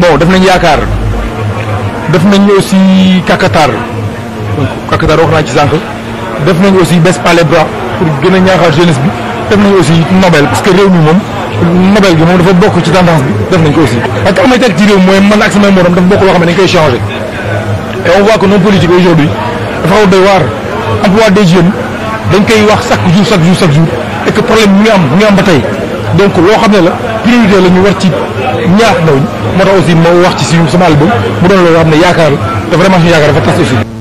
bon def nañu yaakaar def nañ aussi kakatar donc kakatar wax naa ci sànq def nañ aussi baisse pas les bras pour gën a ñaaxaar jeunesse bi def nañ aussi nobel parce que réew mi moom nobel gi moom dafa bokk ci tendance bi def nañ ko aussi. parce que amay teg ci réew mooy man ak samay morom dafa bokk loo xam ne dañ koy changé et on voit que nos aujourd'hui dafa xaw doy waar emploi des jeunes dañ koy wax chaque jour chaque jour chaque jour et que problème am mi ba tey donc loo xam la priorité la ñu war ci ñaax ndaw ñi moo tax aussi ma wax ci suñu sama album mu doon loolu xam ne yaakaar te vraiment suñu yaakaar dafa tas aussi.